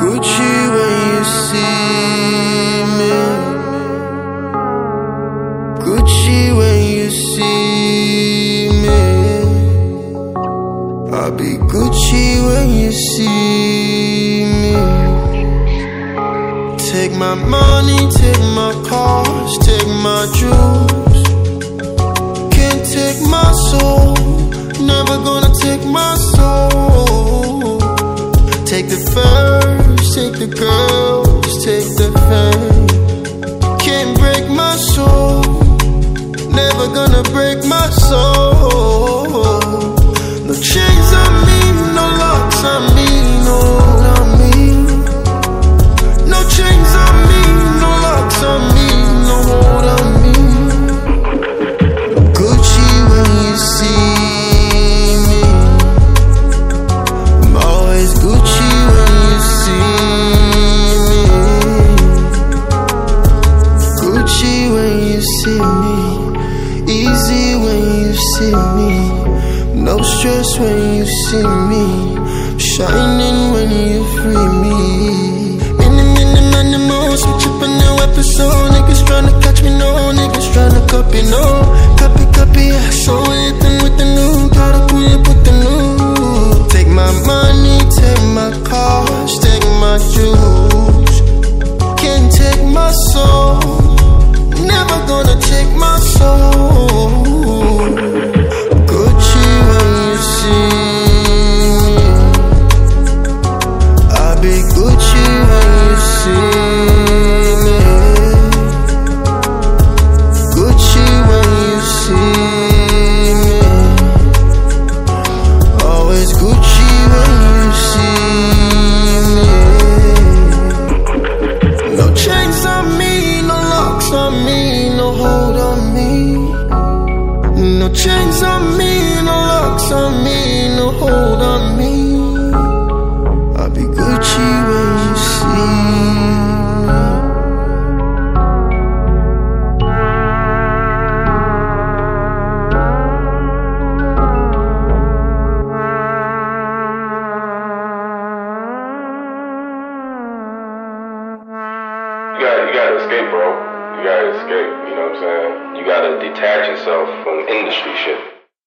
Gucci when you see me. Gucci when you see me. I'll be Gucci when you see me. Take my money, take my cars, take my jewels. Can't take my soul, never gonna take my soul. Take the first take the girls, take the pain. Can't break my soul, never gonna break my soul. Easy when you see me, no stress when you see me. shining when you free me. In the minute, man, the most, I'm tripping the weapon, so niggas tryna catch me, no niggas tryna copy, no copy, copy. I saw it with the new product, we put the new. Take my money, take my cars, take my jewels, can't take my soul gonna take my soul chains on me, no locks on me, no hold on me. I'll be Gucci when you see You gotta, you gotta escape, bro gotta escape, you know what I'm saying? You gotta detach yourself from industry shit.